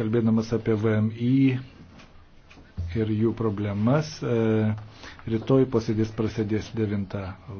kalbėdamas apie VMI ir jų problemas. E, rytoj posėdis prasidės 9.